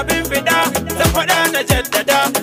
abin fida ta faɗa na jaddada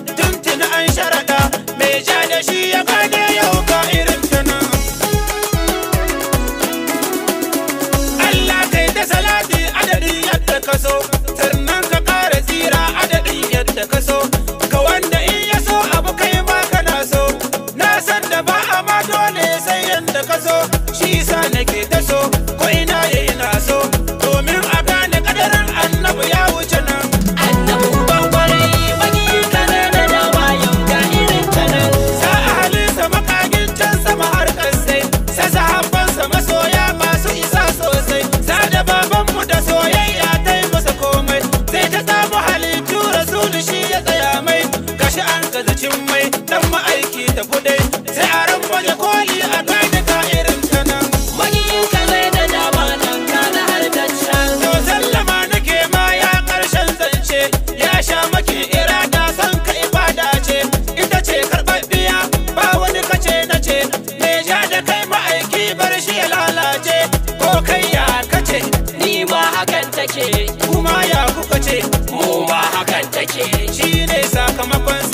kuma ya kuka ce mu ma hakan take ne sakamakon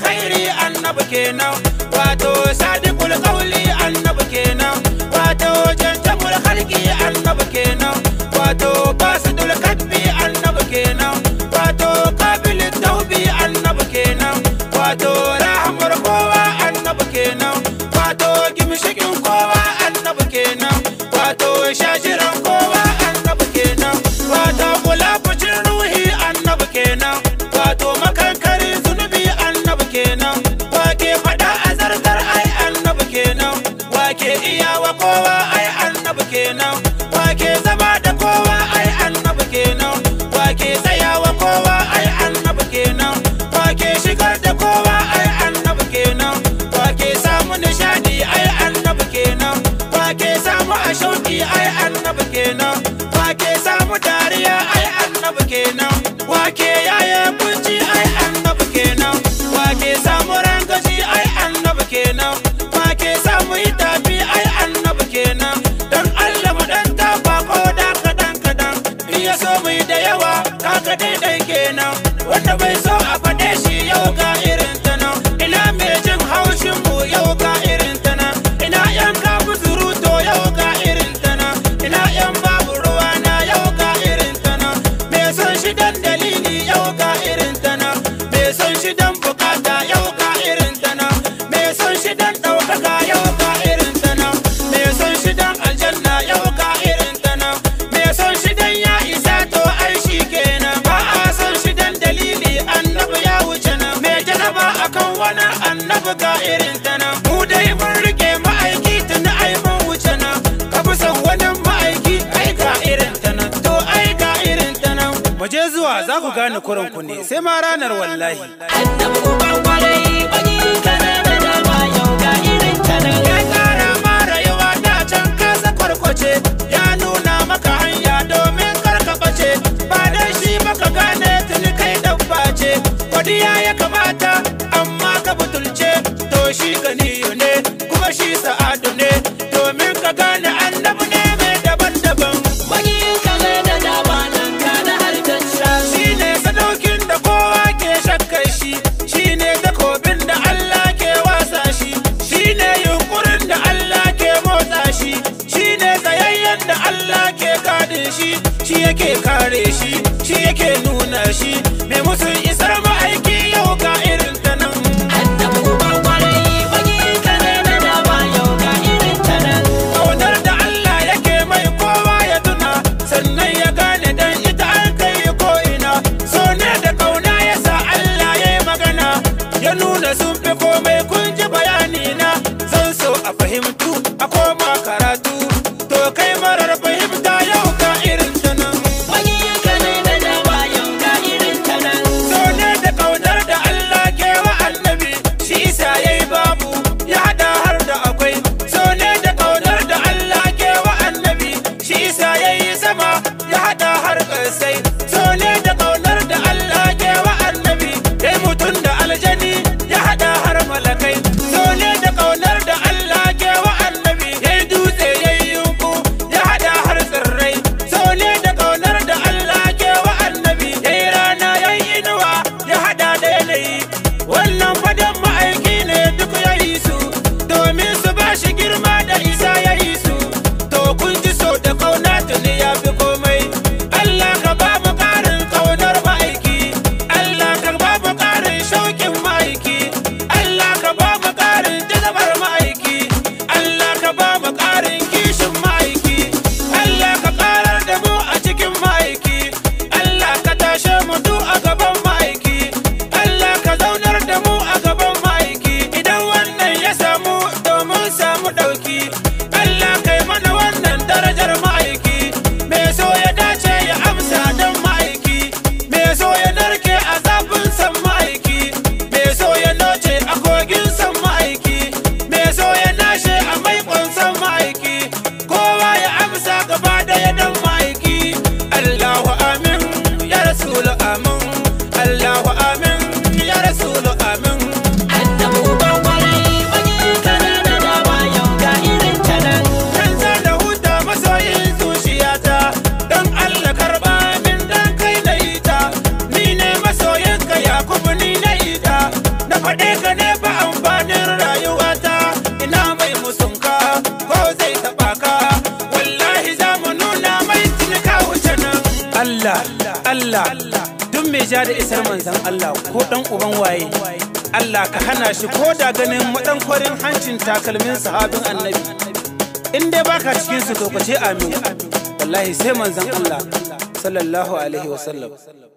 alkhairi annabi kenan wato sadiqul qawli annabi kenan wato jantabul khalqi annabi kenan wato basidul kadbi annabi kenan wato qabilut tawbi annabi kenan wato kowa ai annabi kenan wake zama da kowa ai annabi kenan wa ke tsayawa kowa ai annabi kenan wa ke shigar da kowa ai annabi kenan wa ke samu nishadi ai annabi kenan wa ke samu a shauki ai annabi kenan wa ke samu dariya ai annabi kenan wa ke yaya sit down za ku gane kuran ku sai ma ranar wallahi. Annabi uban kwarai wani kana da dama yau ga irin ta nan. Ya rayuwa da can kasa kwarkwace ya nuna maka hanya domin karkabace ba dan shi maka gane tuni kai dabba ce. Kwadiya ya kamata amma ka butulce to shi kani. yake kare shi shi yake nuna shi mai musun isar ma'aiki yau ga irin ta nan Kaunar da Allah yake mai kowa ya tuna sannan ya gane dan ita an kai ko ina so ne da kauna ya sa Allah ya yi magana ya nuna sun fi komai kun ji bayani na zan so a fahimtu a koma karatu Allah Allah duk mai ja da isar manzan Allah ko dan uban waye Allah ka hana shi ko da ganin madan kwarin hancin takalmin sahabin annabi in dai baka cikin su to ka ce amin wallahi sai manzan Allah sallallahu alaihi wasallam